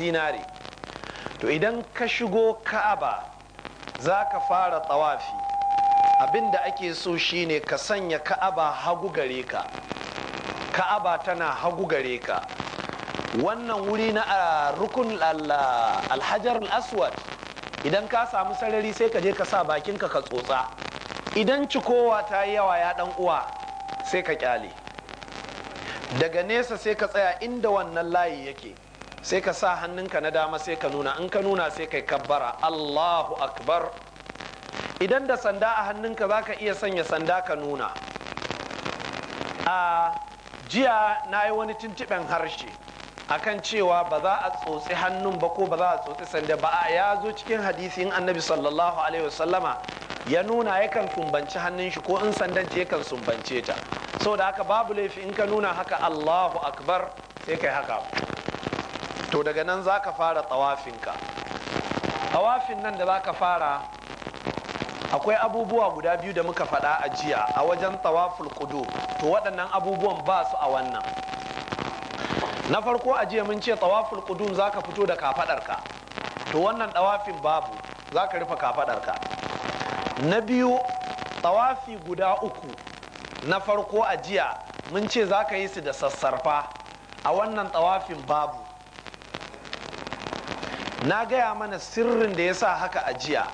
dinari to idan ka shigo ka'aba za ka fara tsawafi abinda ake so shine ka sanya ka'aba hagu gare ka ka'aba tana hagu gare ka wannan wuri na rukun alhajar aswad idan ka samu sarari sai ka je ka sa bakinka ka tsotsa idan cikowa ta yi yawa ya dan uwa sai ka kyale daga nesa sai ka tsaya inda wannan layi yake sai ka sa hannunka na dama sai ka nuna in ka nuna sai kai kabbara Allahu akbar idan da sanda a hannunka za ka iya sanya sanda ka nuna a jiya na yi wani tuntuɓen harshe akan cewa ba za a tsotsi hannun ba ko ba za a tsotsi sanda ba a ya zo cikin hadisi in annabi sallallahu alaihi wasallama ya nuna yakan sumbanci hannun shi ko in sandan ce yakan sumbance ta saboda haka babu laifi in ka nuna haka Allahu akbar sai kai haka to daga nan za ka fara tsawafinka tsawafin nan da za ka fara akwai abubuwa guda biyu da muka faɗa a jiya a wajen tsawaful kudu to waɗannan abubuwan ba su a wannan na farko a jiya mun ce tsawaful kudu za ka fito da kafaɗarka to wannan tsawafin babu za ka rufe kafaɗarka na biyu tsawafi guda uku na farko a jiya mun ce za ka yi su da sassarfa a wannan tsawafin babu na gaya mana sirrin da ya sa haka a jiya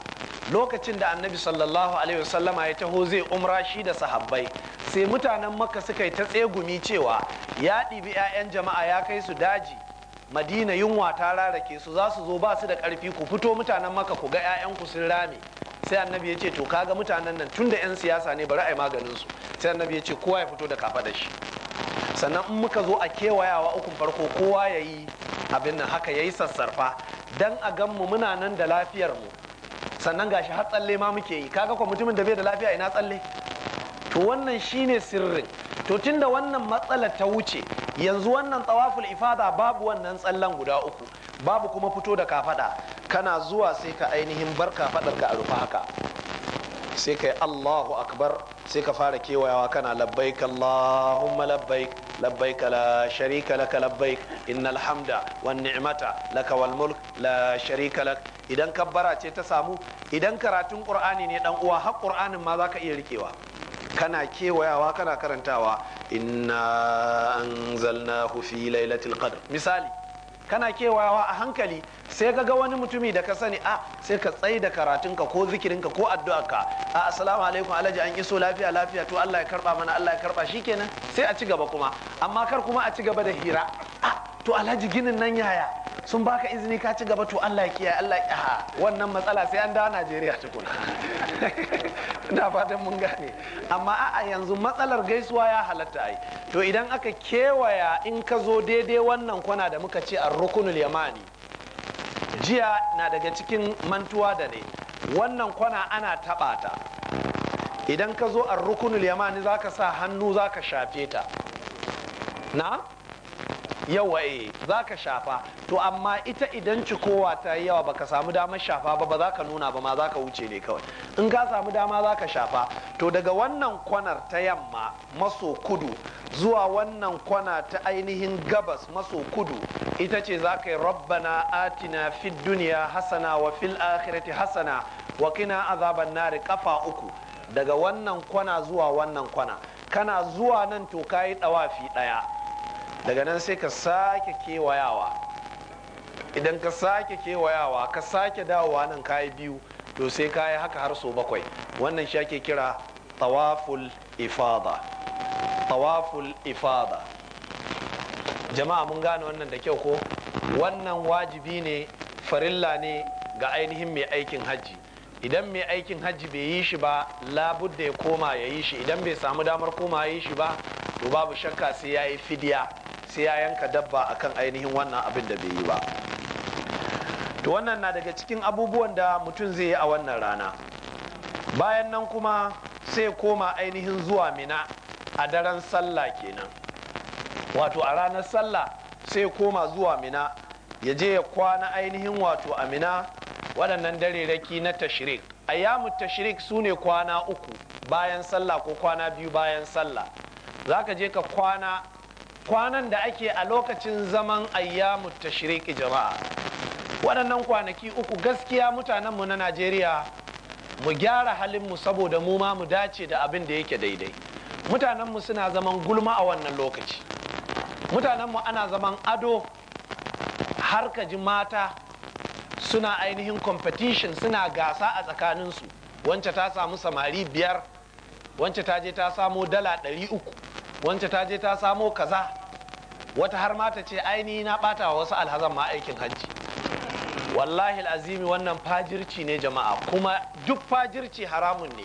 lokacin da annabi sallallahu alaihi wasallama ya taho zai umra shi da sahabbai sai mutanen makka suka yi ta tsegumi cewa ya ɗibi 'ya'yan jama'a ya kai su daji madina yunwa ta rarake su za su zo ba su da ƙarfi ku fito mutanen makka ku ga 'ya'yanku sun rame sai annabi ya ce to kaga mutanen nan tun da 'yan siyasa ne bari a yi maganin su sai annabi ya ce kowa ya fito da kafa da shi sannan in muka zo a kewayawa ukun farko kowa ya yi abin nan haka ya yi sassarfa dan a ganmu muna nan da lafiyar mu sannan gashi har tsalle ma muke yi kaga kuma mutumin da bai da lafiya ina tsalle to wannan shine sirrin to tunda wannan matsalar ta wuce yanzu wannan tsawaful ifada babu wannan tsallan guda uku babu kuma fito da kafada kana zuwa sai ka ainihin bar kafadar ka a rufe haka sai yi Allahu akbar sai ka fara kewayawa kana labbaik Allahumma labbaik labbaik la sharika laka labbaik innal hamda wan ni'mata laka wal mulk la sharika lak idan kabbara ce ta samu idan karatun qur'ani ne dan uwa har qur'anin ma zaka iya rikewa kana kewayawa kana karantawa inna anzalnahu fi lailatul qadr misali kana kewayawa a hankali sai ka ga wani mutumi da ka sani a ah, sai ka tsaye da karatunka ko zikirinka ko addu'arka a ah, assalamu alaikum alhaji an iso lafiya lafiya to Allah ya karba mana Allah ya karba shikenan sai a ci gaba kuma amma kar kuma a ci gaba da hira a ah, to alhaji ginin nan yaya sun baka izini ka ci gaba to Allah ya kiyaye Allah ya wannan matsala sai an dawo Najeriya tukuna na fatan mun gane amma a yanzu matsalar gaisuwa ya halatta ai to idan aka kewaya in ka zo daidai wannan kwana da muka ce a rukunul yamani jiya na daga cikin mantuwa da ne wannan kwana ana taɓa ta idan ka zo a rukunul yamani za ka sa hannu za ka shafe ta na yawa eh za ka shafa to amma ita idan cikowa ta yi yawa baka samu damar shafa ba ba za ka nuna ba ma za ka wuce ne kawai in ka samu dama za ka shafa to daga wannan kwanar ta yamma maso kudu zuwa wannan kwana ta ainihin gabas maso kudu ita ce za ka yi rabbana atina fid duniya hasana wa fil akhirati hasana wa kina azaban nari kafa uku daga wannan kwana zuwa wannan kwana kana zuwa nan to kayi dawafi daya daga nan sai ka sake kewayawa idan ka sake kewayawa ka sake dawowa nan kayi biyu to sai ka yi haka har so bakwai wannan shi ake kira tawaful ifada tawaful ifada jama'a mun gane wannan da kyau ko wannan wajibi ne farilla ne ga ainihin mai aikin hajji idan mai aikin hajji bai yi shi ba da ya koma ya yi shi idan bai samu damar koma ya yi shi ba to babu shakka sai ya yi fidiya sai ya yanka dabba akan ainihin wannan abin da bai yi ba to wannan na daga cikin abubuwan da mutum zai yi a wannan rana bayan nan kuma sai koma ainihin zuwa mina a daren sallah kenan wato a ranar sallah sai koma zuwa mina ya je ya kwana ainihin wato a mina waɗannan dareraki na tashirik ayyamu tashirik su ne kwana uku bayan sallah ko kwana biyu bayan sallah za ka je ka kwana kwanan da ake a lokacin zaman ayyamu tashriqi jama'a waɗannan kwanaki uku gaskiya mutanenmu na najeriya mu gyara halinmu saboda mu ma mu dace da abin da yake daidai mutanenmu suna zaman gulma a wannan lokaci mutanenmu ana zaman ado har ka mata suna ainihin competition suna gasa a tsakaninsu Wancan ta samu samari biyar wancan ta je ta samo dala ɗari uku wance ta je ta samo kaza wata har mata ta ce aini na bata wasu alhazan ma aikin hajji wallahi azimi wannan fajirci ne jama'a kuma duk fajirci haramun ne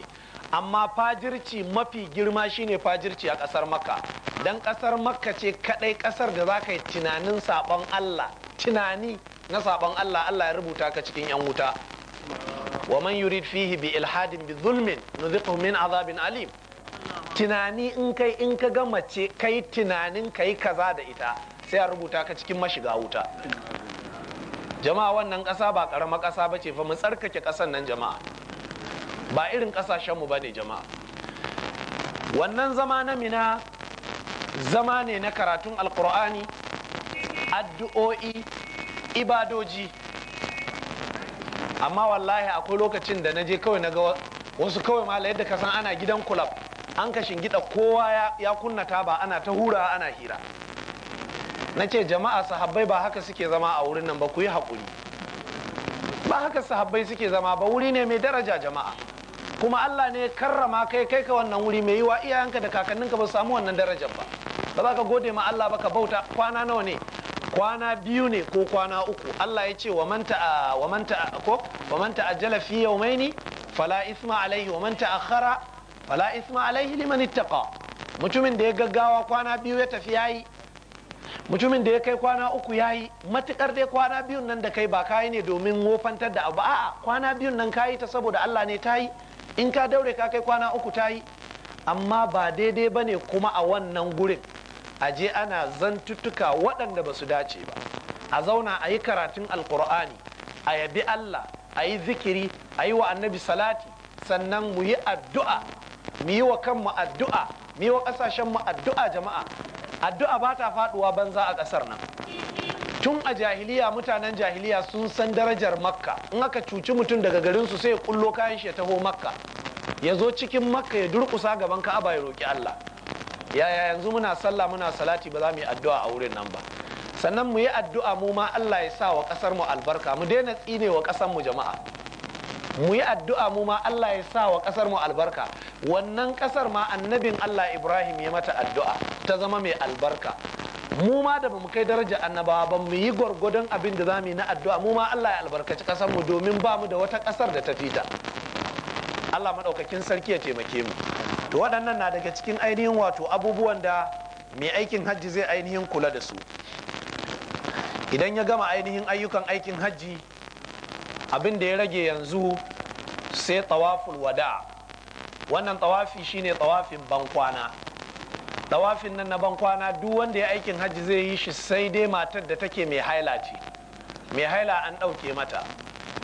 amma fajirci mafi girma shine fajirci a ƙasar makka don ƙasar makka ce kaɗai ƙasar da za ka yi tunanin saɓon allah tunani na saɓon allah allah ya rubuta ka cikin 'yan wuta wa man yurid fihi bi ilhadin bi zulmin nuzikhu min azabin alim tunani in kai in ka ga mace kai tunanin ka yi kaza da ita sai a rubuta ka cikin mashiga wuta jama'a wannan ƙasa ba ƙarama ƙasa ba ce fa mu tsarkake ƙasan nan jama'a ba irin ƙasashenmu ba ne jama'a wannan zama na mina zama ne na karatun alkur'ani addu'o'i ibadoji amma wallahi akwai lokacin da na je kawai na ga wasu kawai ma yadda ka san ana gidan kulab an ka shingida kowa ya kunna ba ana ta hura ana hira na ce jama'a sahabbai ba haka suke zama a wurin nan ba ku yi haƙuri ba haka sahabbai suke zama ba wuri ne mai daraja jama'a kuma Allah ne karrama kai kai ka wannan wuri mai yiwa iyayenka da kakanninka ba samu wannan darajar ba ba za ka gode ma Allah ba ka bauta kwana nawa ne kwana biyu ne ko kwana uku Allah ya ce wa manta wa manta ko wa manta ajala fi fala isma alaihi wa manta akhara fala isma alaihi liman ittaqa mutumin da ya gaggawa kwana biyu ya tafi yayi mutumin da ya kai kwana uku yayi matukar dai kwana biyun nan da kai ba kai ne domin wofantar da abu a'a kwana biyun nan kai ta saboda Allah ne tayi in ka daure ka kai kwana uku tayi amma ba daidai bane kuma a wannan gurin aje ana zantuttuka waɗanda ba su dace ba a zauna a yi karatun alkur'ani a yabi Allah a yi zikiri a yi wa annabi salati sannan mu yi addu'a mu yi wa kanmu addu'a mu yi wa ƙasashenmu addu'a jama'a addu'a ba ta faɗuwa banza a ƙasar nan tun a jahiliya mutanen jahiliya sun san darajar makka in aka cuci mutum daga garin su sai ya kullo kayan shi ya taho makka ya zo cikin makka ya durƙusa gaban ka'aba ya roƙi allah yaya yanzu muna sallah muna salati ba za mu yi addu'a a wurin nan ba sannan mu yi addu'a mu ma allah ya sa wa ƙasarmu albarka mu daina tsine wa ƙasar mu jama'a mu yi addu'a mu ma Allah ya sa wa kasar mu albarka wannan ƙasar ma annabin Allah Ibrahim ya mata addu'a ta zama mai albarka mu ma da bamu kai daraja annabawa ba mu yi gwargwadon abin da zamu yi na addu'a mu ma Allah ya albarkaci kasar mu domin ba mu da wata ƙasar da ta fita Allah madaukakin sarki ya taimake mu to waɗannan na daga cikin ainihin wato abubuwan da mai aikin hajji zai ainihin kula da su idan ya gama ainihin ayyukan aikin hajji abin da ya rage yanzu sai tawaful wada wannan tawafi shine tawafin bankwana tawafin nan na bankwana duk wanda ya aikin hajji zai yi shi sai dai matar da take mai haila ce mai haila an ɗauke mata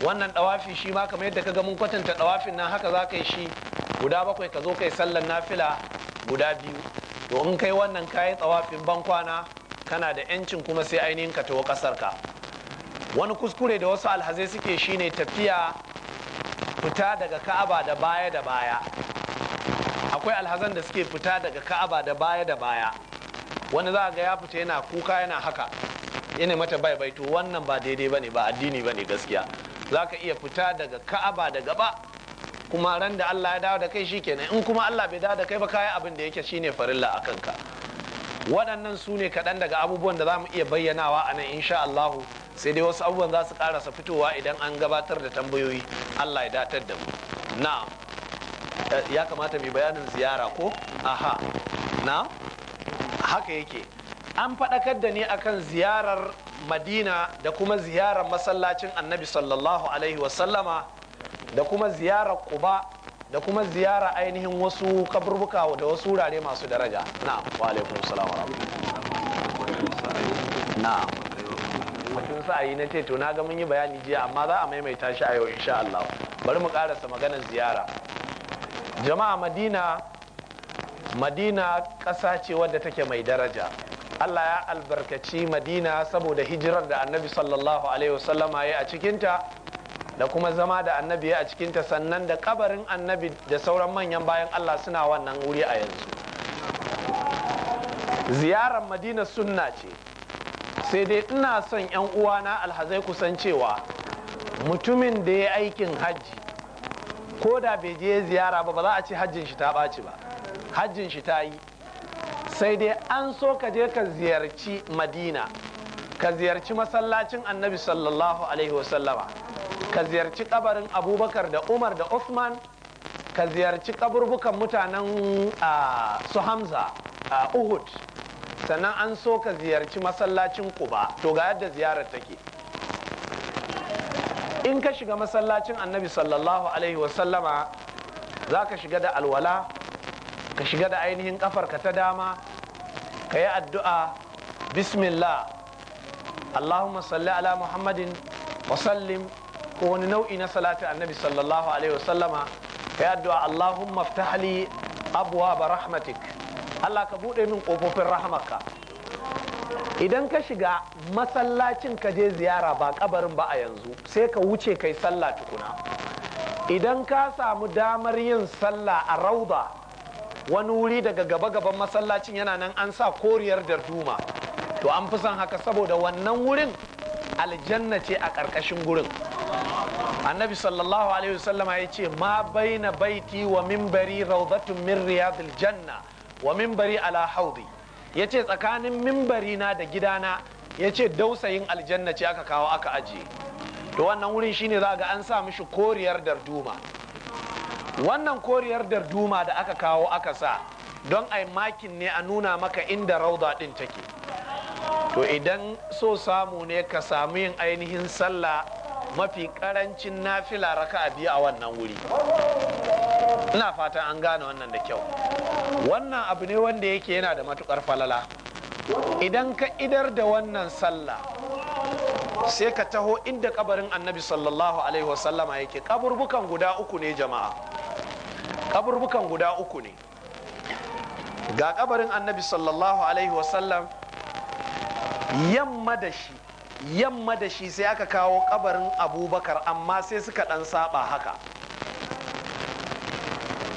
wannan tawafi shi ma kamar yadda ka ga mun kwatanta tawafin nan haka za ka yi shi guda bakwai ka zo kai sallan nafila guda biyu to in kai wannan kayi tawafin bankwana kana da yancin kuma sai ainihin ka tawo kasar ka wani kuskure da wasu alhazai suke shine tafiya fita daga ka'aba da baya da baya akwai alhazan da suke fita daga ka'aba da baya da baya wani za ga ya fita yana kuka yana haka yana mata bai bai to wannan ba daidai bane ba addini bane gaskiya za ka iya fita daga ka'aba da gaba kuma ran da Allah ya dawo da kai shikenan in kuma Allah bai dawo da kai ba kayan abin da yake shine farilla a kanka waɗannan su ne kaɗan daga abubuwan da za mu iya bayyanawa a nan insha Allahu sai dai wasu abubuwan za su karasa fitowa idan an gabatar da tambayoyi allah ya datar da mu na eh, ya kamata mai bayanin ziyara ko aha na haka yake an faɗakar da ni akan ziyarar madina da kuma ziyarar masallacin annabi sallallahu alaihi wasallama da kuma ziyarar kuba da kuma ziyara ainihin wasu kaburbuka da wasu wurare masu daraja na wa alaikum salam wa batun sa'ayi na ce to na ga mun yi bayani jiya amma za a maimaita shi a yau insha Allah bari mu karasa maganar ziyara jama'a madina madina ƙasa ce wadda take mai daraja Allah ya albarkaci madina saboda hijirar da annabi sallallahu alaihi wasallama ya a cikinta da kuma zama da annabi ya a cikinta sannan da kabarin annabi da sauran manyan bayan Allah suna wannan wuri a yanzu ziyarar madina sunna ce sai dai ina son yan uwana alhazai kusan cewa mutumin da ya aikin hajji ko da bai je ziyara ba ba za a ci hajjin shi ta ɓaci ba hajjin shi ta yi sai dai an so ka je ka ziyarci madina ka ziyarci masallacin annabi sallallahu alaihi wasallama ka ziyarci kabarin abubakar da umar da usman ka ziyarci kaburbukan mutanen ah, su hamza a ah, uhud sannan an so ka ziyarci masallacin kuba to ga yadda ziyarar take in ka shiga masallacin annabi sallallahu alaihi wasallama za ka shiga da alwala ka shiga da ainihin kafarka ta dama ka yi addu'a bismillah allahumma salli ala muhammadin wa sallim ko wani nau'i na salati annabi sallallahu alaihi wasallama ka yi addu'a allahumma ftahli abuwa ba rahmatik Allah ka buɗe min ƙofofin rahamarka idan ka shiga masallacin ka je ziyara ba kabarin ba a yanzu sai ka wuce kai sallah tukuna idan ka samu damar yin sallah a rauda wani wuri daga gaba-gaban masallacin yana nan an sa koriyar darduma to an fi son haka saboda wannan wurin aljanna ce a ƙarƙashin wurin annabi sallallahu alaihi wasallama ya ce ma baina baiti wa mimbari rauzatun min riyadil janna wa mimbari ala haudi ce tsakanin mimbari na da gidana ya ce dausayin aljanna ce aka kawo aka ajiye to wannan wurin shine za ga an sa mishi koriyar darduma wannan koriyar darduma da aka kawo aka sa don ai makin ne a nuna maka inda rauda din take to idan so samu ne ka samu yin ainihin sallah mafi karancin nafila raka a biyu a wannan wuri ina fata an gane wannan da kyau wannan abu ne wanda yake yana da matukar falala idan ka idar da wannan sallah sai ka taho inda kabarin annabi sallallahu alaihi wasallama yake kaburbukan guda uku ne jama'a kaburbukan guda uku ne ga kabarin annabi sallallahu alaihi wasallam yamma da shi yamma da shi sai aka kawo kabarin abubakar amma sai suka dan saba haka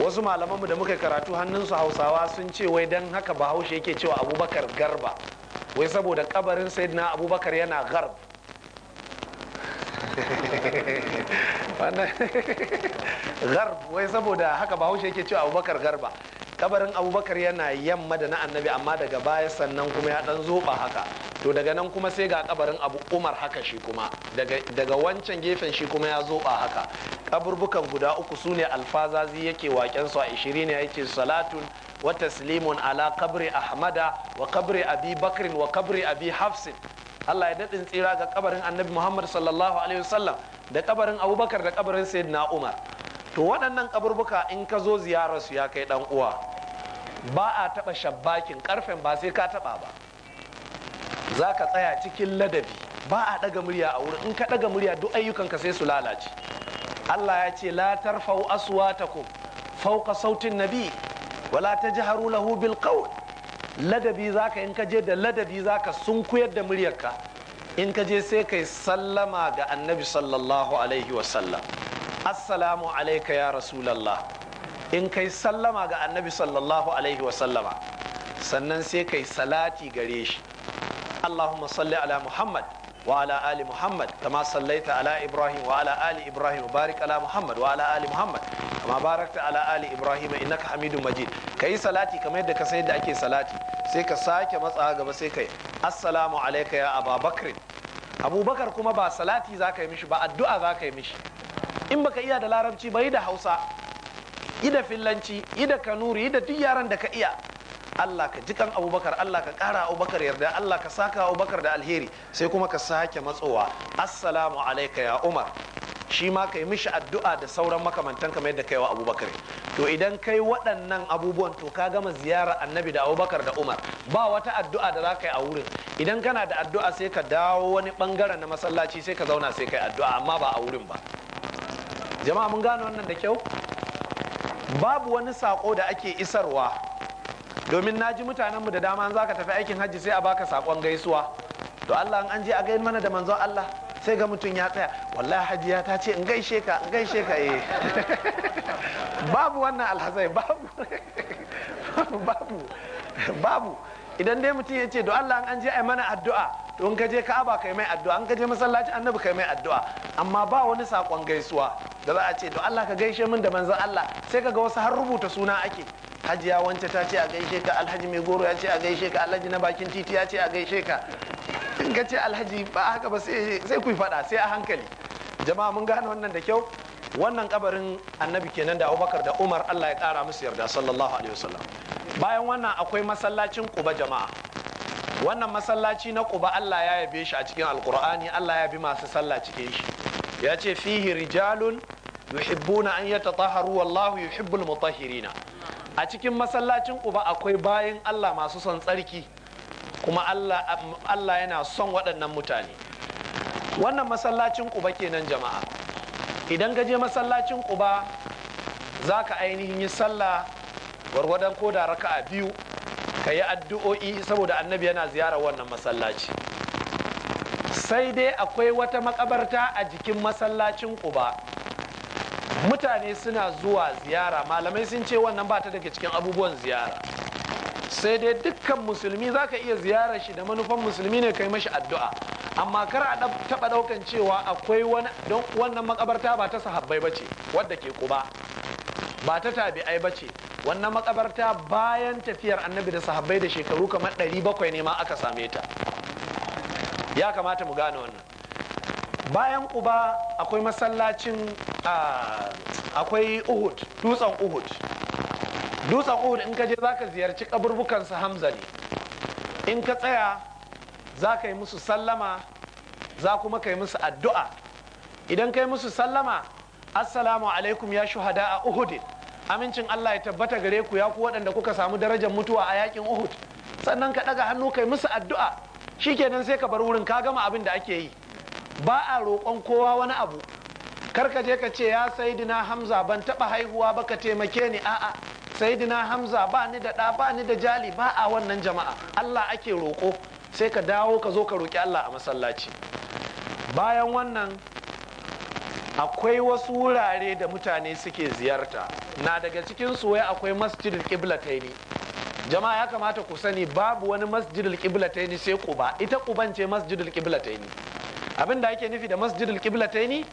wasu malamanmu da muka karatu hannunsu hausawa sun ce wai don haka bahaushe yake cewa abubakar garba wai saboda kabarin sayyidina abubakar yana garb garb wai saboda haka bahaushe yake cewa abubakar garba kabarin abubakar yana yamma da na annabi amma daga baya sannan kuma ya dan zoba haka to daga nan kuma sai ga kabarin abu umar haka shi kuma daga wancan gefen shi kuma ya zo a haka kaburbukan guda uku su ne alfazazi yake waken su a ishirin ne yake salatun wa taslimun ala kabri ahmada wa kabri abi bakrin wa kabri abi hafsin Allah ya daɗin tsira ga kabarin annabi Muhammad sallallahu alaihi wasallam da kabarin abubakar da kabarin sayyidina umar to waɗannan kaburbuka in ka zo ziyararsu ya kai ɗan uwa ba a taɓa shabbakin karfen ba sai ka taɓa ba za ka tsaya cikin ladabi ba a ɗaga murya a wurin in ka ɗaga murya duk ayyukanka sai su lalace Allah ya ce la tarfau aswatakum fauka sautin nabi wala tajharu lahu bil qawl ladabi zaka in ka je da ladabi zaka sunkuyar da muryarka in ka je sai kai sallama ga annabi sallallahu alaihi wa sallam assalamu alayka ya rasulullah in kai sallama ga annabi sallallahu alaihi wa sallama sannan sai kai salati gare shi Ala'uma salli ala Muhammad wa ala Ali Muhammad. Kama sallaita ala Ibrahim wa ala Ali Ibrahim. Barika ala Muhammad wa ala Ali Muhammad. Kama barika ala Ali Ibrahim in naka Hamidun Bajir. Kayi salati kamar yadda ka yi salati. Sai ka sake matsa gaba sai kai yi. Asalamu alaika ya Aba Abubakar kuma ba salati za yi mishi ba addu'a za ka mishi. In baka iya da larabci ba yi da Hausa. Yi da filanci yi da Kanuri ida duk yaran da ka iya. Allah ka jikan abubakar Allah ka kara abubakar yarda Allah ka saka abubakar da alheri sai kuma ka sake matsowa assalamu alaika ya umar shi ma ka yi mishi addu'a da sauran makamantan kamar yadda kaiwa abubakar to idan kai waɗannan abubuwan to ka gama ziyara annabi da abubakar da umar ba wata addu'a da za ka yi a wurin idan kana da addu'a sai ka dawo wani bangaren na masallaci sai ka zauna sai ka yi addu'a amma ba a wurin ba jama'a mun gane wannan da kyau babu wani sako da ake isarwa domin na ji mutanenmu da dama za ka tafi aikin hajji sai a baka sakon gaisuwa to Allah an je a gain mana da manzon Allah sai ga mutum ya tsaya wallahi hajiya ta ce in gaishe ka in gaishe ka eh babu wannan alhazai babu babu babu idan dai mutum ya ce do Allah an je ai mana addu'a to in ka je Ka'aba kai mai addu'a in ka je masallaci Annabi kai mai addu'a amma ba wani sakon gaisuwa da za a ce do Allah ka gaishe min da manzon Allah sai kaga wasu har rubuta suna ake hajiya wance ta ce a gaishe ka alhaji mai goro ya ce a gaishe ka alhaji na bakin titi ya ce a gaishe ka in ka ce alhaji ba haka ba sai ku faɗa sai a hankali jama'a mun gane wannan da kyau wannan kabarin annabi kenan da abubakar da umar allah ya kara musu yarda sallallahu alaihi wasallam bayan wannan akwai masallacin kuba jama'a wannan masallaci na kuba allah ya yabe shi a cikin alkur'ani allah ya bi masu sallah cikin shi ya ce fihi rijalun yuhibbuna an yatataharu wallahu yuhibbul mutahhirina a cikin masallacin uba akwai bayan Allah masu son tsarki kuma Allah yana son waɗannan mutane wannan masallacin uba kenan jama'a idan gaje masallacin uba za ka ainihin yi sallah gwargwadon ko da raka'a biyu ka yi addu'o'i saboda annabi yana ziyarar wannan masallaci sai dai akwai wata makabarta a jikin masallacin uba mutane suna zuwa ziyara malamai sun ce wannan ba ta daga cikin abubuwan ziyara sai dai dukkan musulmi za ka iya ziyara shi da manufan musulmi ne kai mashi addu'a amma kar a taba ɗaukan cewa akwai wannan makabarta ba ta sahabbai bace wadda ke kuba ba ta tabi'ai bace wannan makabarta bayan tafiyar annabi da sahabbai da shekaru kamar 700 ne ma aka same ta ya kamata mu gane wannan bayan uba akwai masallacin akwai uhud dutsen uhud dutsen uhud in ka je za ka ziyarci kaburbukansa hamza ne in ka tsaya za ka yi musu sallama za kuma ka yi musu addu'a idan ka yi musu sallama assalamu alaikum ya shuhada a uhud amincin allah ya tabbata gare ku ya ku waɗanda kuka samu darajar mutuwa a yakin uhud sannan ka ɗaga hannu ka musu addu'a shi shikenan sai ka bar wurin ka gama abin da ake yi ba a roƙon kowa wani abu karka je ka ce ya saidina hamza ban taɓa haihuwa ba ka taimake ni a'a saidina hamza ba ni da ɗa ba ni da jali ba a wannan jama'a allah ake roƙo sai ka dawo ka zo ka roƙi allah a masallaci bayan wannan akwai wasu wurare da mutane suke ziyarta na daga cikin wai akwai masjidul ƙiblataini jama'a ya kamata ku sani babu wani masjidul ƙiblataini sai ƙuba ita quban ce masjidul qiblataini abin da ake nufi da masjidul qiblataini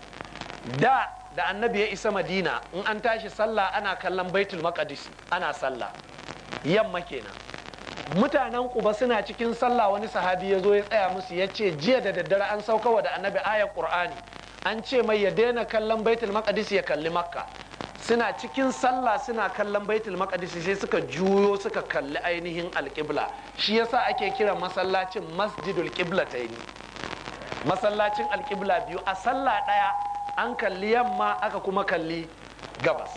da da annabi ya isa madina in an tashi sallah ana kallon baitul maqdis ana sallah yamma kenan mutanen kuba suna cikin sallah wani sahabi ya zo ya tsaya musu ya ce jiya da daddare an saukawa da annabi ayar qur'ani an ce mai ya daina kallon baitul maqdis ya kalli makka suna cikin sallah suna kallon baitul maqdis sai suka juyo suka kalli ainihin alƙibla shi yasa ake kira masallacin masjidul qiblataini masallacin alƙibla biyu a sallah ɗaya an kalli yamma aka kuma kalli gabas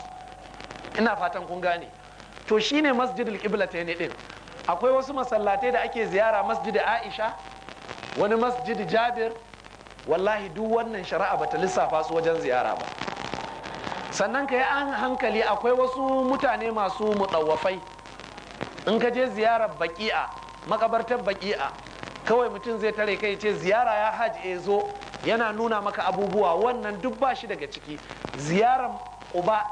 ina fatan kun gane to shine masjidul yi ɗin akwai wasu masallatai da ake ziyara masjidi Aisha wani masjid Jabir wallahi duk wannan shari'a bata lissafa su wajen ziyara ba sannan ka yi an hankali akwai wasu mutane masu mudawafai in ka je ziyarar baki'a makabartar baki'a kawai mutum zai tare kai ce ziyara ya hajji e eh, zo yana nuna maka abubuwa wannan duk ba shi daga ciki ziyarar uba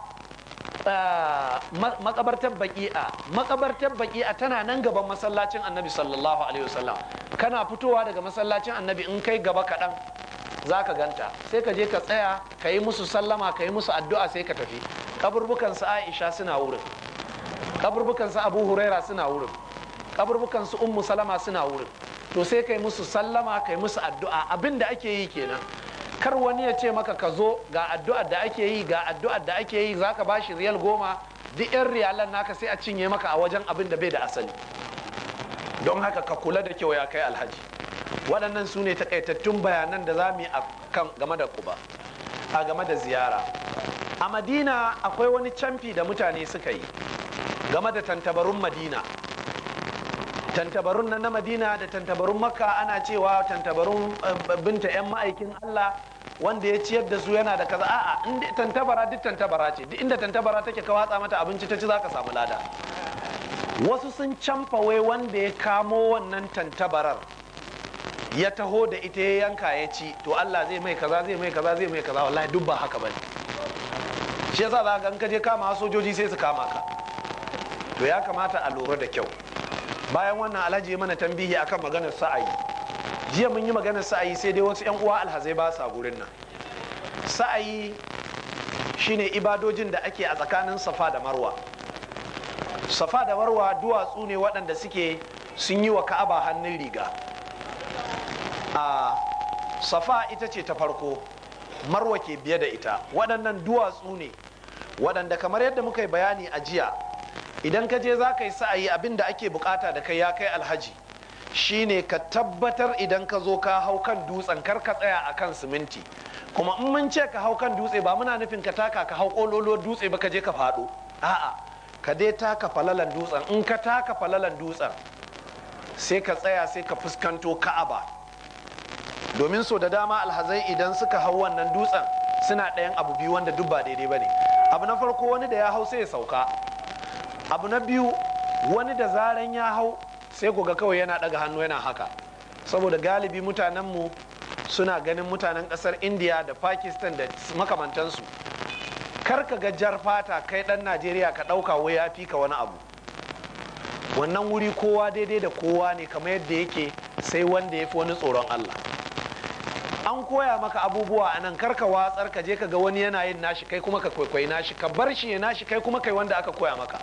ah, makabartar baki'a makabartar baki'a tana nan gaban masallacin annabi sallallahu alaihi wasallam kana fitowa daga masallacin annabi in kai gaba kaɗan za ka ganta sai ka je ka tsaya ka yi musu sallama ka yi musu addu'a sai ka tafi kaburbukan aisha suna wurin kaburbukan abu huraira suna wurin kaburbukan su ummu salama suna wurin to sai kai musu sallama kai musu addu'a abin da ake yi kenan kar wani ya ce maka ka zo ga addu'ar da ake yi ga addu'ar da ake yi zaka bashi riyal goma duk yan riyalan naka sai a cinye maka a wajen abin da bai da asali don haka ka kula da kyau ya kai alhaji waɗannan su ne takaitattun bayanan da za mu yi a kan game da kuba a game da ziyara a madina akwai wani camfi da mutane suka yi game da tantabarun madina tantabarun nan na madina da tantabarun makka ana cewa tantabarun eh, binta 'yan ma'aikin allah wanda ya ciyar da su yana da kaza a'a inda tantabara duk tantabara ce duk inda tantabara take ka watsa mata abinci ta ci za ka samu lada wasu sun wai wanda ya kamo wannan tantabarar ya taho da ita ya yanka ya ci to allah zai mai kaza zai mai kaza zai mai kaza wallahi duk ba haka bane shi yasa za ka je kama sojoji sai su kama ka to ya kamata a lura da kyau bayan wannan alhaji mana tambihi akan maganar sa'ayi jiya mun yi maganar sa'ayi sai dai wasu 'yan uwa alhazai ba sa gurin nan sa'ayi shine ibadojin da ake a tsakanin safa da marwa safa da marwa duwatsu ne waɗanda suke sun yi wa ka'aba hannun riga a safa ita ce ta farko marwa ke biye da ita waɗannan duwatsu ne waɗanda kamar yadda muka yi bayani a jiya idan ka je za ka yi sa'ayi abin da ake bukata da kai ya kai alhaji shine ka tabbatar idan ka zo ka hau kan dutsen kar ka tsaya a kan siminti kuma in mun ce ka hau kan dutse ba muna nufin ka taka ka hau kololo dutse ba ka je ka fado. a'a ka dai taka falalan dutsen in ka taka falalan dutsen sai ka tsaya sai ka fuskanto ka'aba domin so da dama alhazai idan suka hau wannan dutsen suna ɗayan abu biyu wanda duk ba daidai ba ne abu na farko wani da ya hau sai ya sauka abu na biyu wani da zaren ya hau sai ku ga kawai yana daga hannu yana haka saboda galibi mutanenmu suna ganin mutanen kasar indiya da pakistan da makamantansu kar ka ga jar fata kai dan najeriya ka dauka wai ya fi ka wani abu wannan wuri kowa daidai da kowa ne kamar yadda yake sai wanda ya fi wani tsoron allah an koya maka abubuwa a nan karka watsar ka je ka ga wani yana yin nashi kai kuma ka kwaikwayi nashi ka bar shi ya nashi kai kuma kai wanda aka koya maka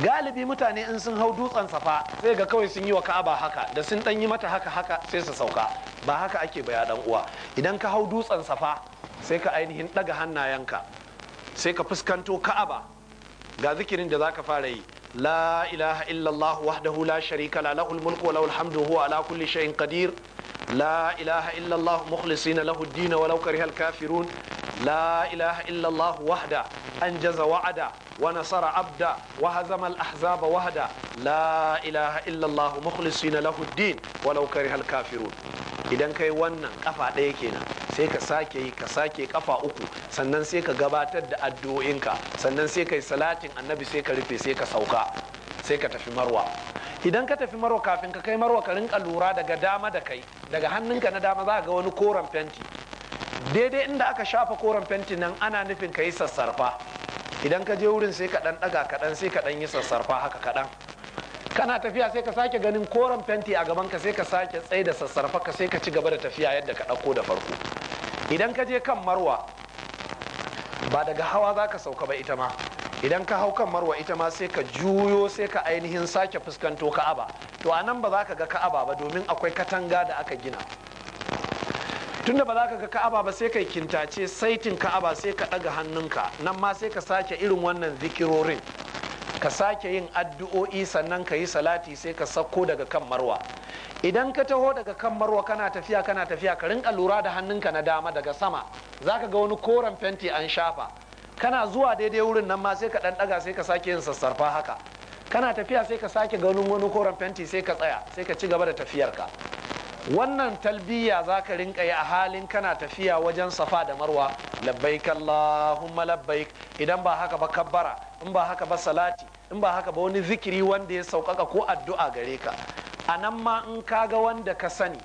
galibi mutane in sun hau dutsen safa sai ga kawai sun yi wa ka'aba haka da sun dan yi mata haka haka sai su sauka ba haka ake baya dan uwa idan ka hau dutsen safa sai ka ainihin daga hannayenka sai ka fuskanto ka'aba ga zikirin da zaka fara yi la ilaha illallah wahdahu la sharika la lahul mulku wa lahul hamdu huwa ala kulli shay'in qadir لا إله إلا الله مخلصين له الدين ولو كره الكافرون لا إله إلا الله وحده أنجز وعده ونصر عبدا وهزم الأحزاب وحدا لا إله إلا الله مخلصين له الدين ولو كره الكافرون idan kai wannan kafa ɗaya kenan sai ka sake yi ka sake kafa uku sannan sai ka gabatar da addu'o'inka sannan sai kai salatin annabi sai ka rufe sai ka sauka sai ka tafi marwa idan ka tafi marwa kafin ka kai marwa ka rinka lura daga dama da kai daga hannunka na dama za ga wani koren fenti daidai inda aka shafa koren fenti nan ana nufin ka yi sassarfa idan ka je wurin sai ka dan daga kaɗan sai ka ɗan yi sassarfa haka kaɗan kana tafiya sai ka sake ganin koren fenti a gaban ka sai ka sake tsaye da sassarfa ka sai ka ci gaba da tafiya yadda ka ɗauko da farko idan ka je kan marwa ba daga hawa za ka sauka ba ita ma idan ka hau kan marwa ita ma sai ka juyo sai ka ainihin sake fuskanto ka'aba to a nan ba za ka ga ka'aba ba domin akwai katanga da aka gina tunda ba za ka ga ka'aba ba sai kai kintace saitin ka'aba sai ka ɗaga hannunka nan ma sai ka sake irin wannan zikirorin ka sake yin addu'o'i sannan ka yi salati sai ka sako daga kan marwa idan ka taho daga kan marwa kana tafiya kana tafiya ka rinka lura da hannunka na dama daga sama za ka ga wani koren fenti an shafa kana zuwa daidai wurin nan ma sai ka ɗan ɗaga sai ka sake yin sassarfa haka kana tafiya sai ka sake ganin wani koren fenti sai ka tsaya sai ka ci gaba da tafiyarka wannan talbiya za ka rinka yi a halin kana tafiya wajen safa da marwa labbaik allahumma labbaik idan ba haka ba kabbara in ba haka ba salati in ba haka ba wani zikiri wanda ya sauƙaƙa ko addu'a gare ka a nan ma in ka ga wanda ka sani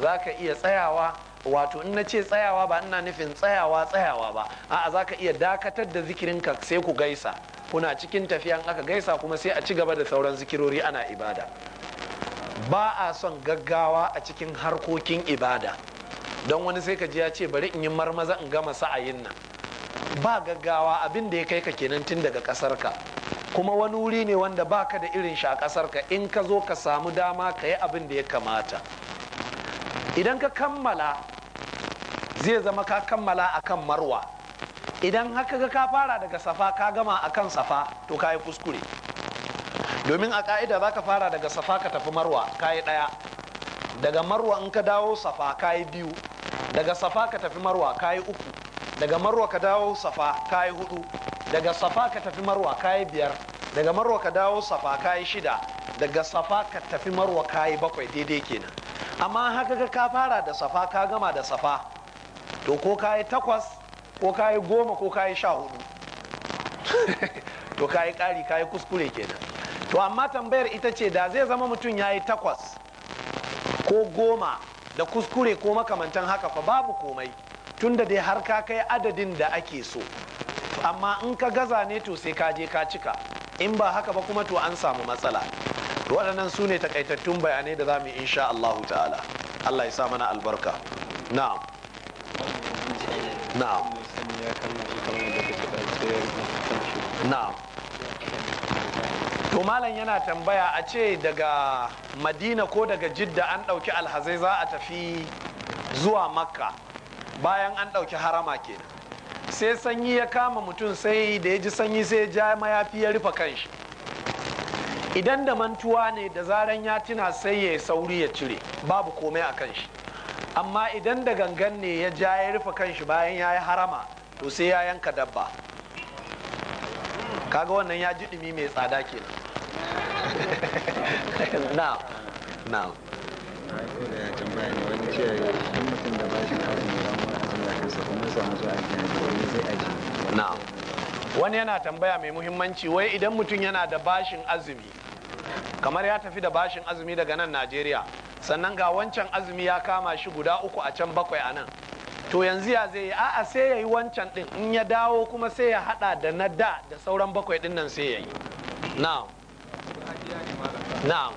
za ka iya tsayawa wato in na ce tsayawa ba ina nufin tsayawa tsayawa ba a'a za ka iya dakatar da zikirinka sai ku gaisa kuna cikin tafiyan aka gaisa kuma sai a ci gaba da sauran zikirori ana ibada ba a son gaggawa a cikin harkokin ibada don wani sai ka ji ya ce bari in yi marmaza in gama sa'ayin nan ba gaggawa abin da ya kai ka kenan tun daga ƙasar ka kuma wani wuri ne wanda ba ka da irin shi a ƙasar ka in ka zo ka samu dama ka yi abin da ya kamata idan ka kammala zai zama ka kammala a kan marwa idan haka ka fara daga safa ka gama a kan safa to ka yi kuskure domin a ka'ida za ka fara daga safa ka tafi marwa kayi ɗaya daga marwa in ka dawo safa kayi biyu daga safa ka tafi marwa kayi uku daga marwa ka dawo safa kayi hudu daga safa ka tafi marwa kayi biyar daga marwa ka dawo safa kayi shida daga safa ka tafi marwa kayi bakwai daidai kenan amma haka ka ka fara da safa ka gama da safa to ko kayi takwas ko kayi goma ko kayi sha hudu to kayi kari kayi kuskure kenan to amma tambayar ita ce da zai zama mutum ya yi takwas ko goma da kuskure ko makamantan haka fa babu komai tun da dai har ka kai adadin da ake so amma in ka gaza ne to sai ka je ka cika in ba haka ba kuma to an samu matsala waɗannan su ne takaitattun bayanai da za mu insha Allahu ta'ala Allah ya sa mana albarka na'am na'am na'am to malam yana tambaya a ce daga madina ko daga jidda an ɗauki alhazai za a tafi zuwa makka bayan an ɗauki harama ke sai sanyi ya kama mutum sai da ya ji sanyi sai ya ja mayafi ya rufe kanshi idan da mantuwa ne da zaran ya tuna sai ya sauri ya cire babu komai a kanshi amma idan da gangan ne ya ja ya rufe kanshi bayan ya yi harama to sai ya yanka dabba kaga wannan ya ji ɗumi mai tsada kenan now now now wani yana tambaya mai muhimmanci wai idan mutum yana da bashin azumi kamar ya tafi da bashin azumi daga nan najeriya sannan ga wancan azumi ya kama shi guda uku a can bakwai a nan to yanzu ya zai yi a'a sai ya yi wancan din in ya dawo kuma sai ya haɗa da na da da sauran bakwai din nan sai ya yi now na'am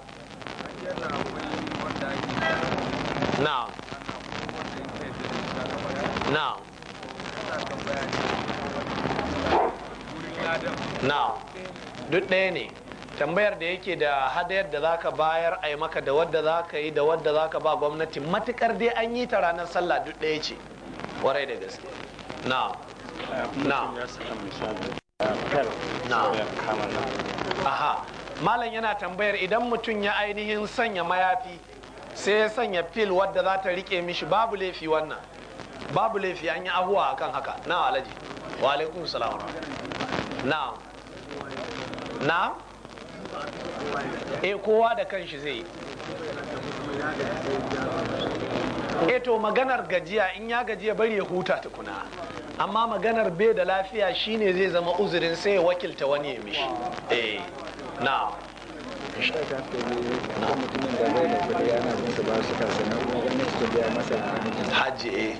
duk ɗaya ne tambayar da yake da hadayar da ka bayar a maka da wadda za ka yi da wadda za ka ba gwamnati matukar dai an yi ta ranar sallah duk ɗaya ce warai da gaske na na na aha malam yana tambayar idan mutum ya ainihin sanya mayafi sai ya sanya fil wadda za ta rike mishi babu laifi wannan babu laifi an yi ahuwa akan haka na alaji wa alaikun salam na na e kowa da kanshi zai yi e to maganar gajiya in ya gajiya bari ya huta tukuna amma maganar bai da lafiya shine zai zama uzurin sai ya wakilta wani ya mishi eh na hajji eh.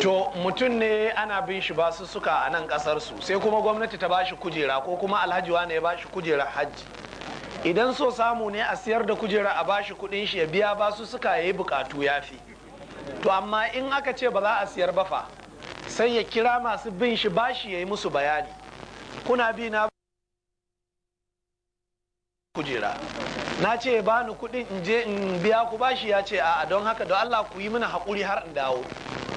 to mutum ne ana bin shi basu suka a nan kasar sai kuma gwamnati ta bashi kujera ko kuma alhaji ne ya bashi kujera hajji idan so samu ne a siyar da kujera a bashi kudin shi ya biya basu suka ya yi bukatu ya fi to amma in aka ce ba za a siyar ba fa sai ya kira masu bin shi bashi ya yi musu bayani kuna bi na kujera na ce ba ni kuɗin in je in biya ku bashi ya ce a'a don haka don Allah ku yi mana haƙuri har in dawo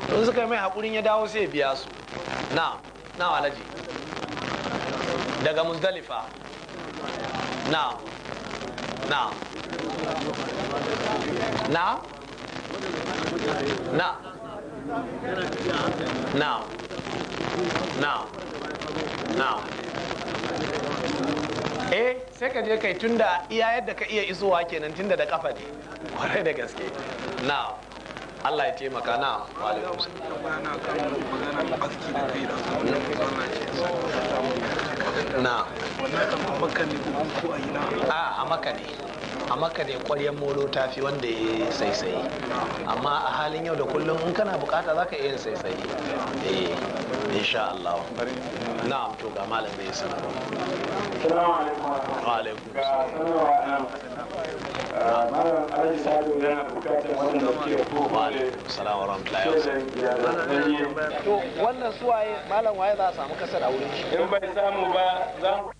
don suka mai haƙurin ya dawo sai biya su na na alaji daga muzdalifa na na na na na na na eh sai ka je kai tunda iya yadda ka iya isowa kenan tunda da kafa ne kwarai da gaske na Allah ya taimaka na na a maka ne a maka ne kwaryan molo ta fi wanda ya saisaye amma a halin yau da kullum in kana bukata za ka iya yin eh insha Allah na'am to ga malam sanar assalamu wannan suwaye malam waye za a samu kasar a wurin shi in bai samu ba za mu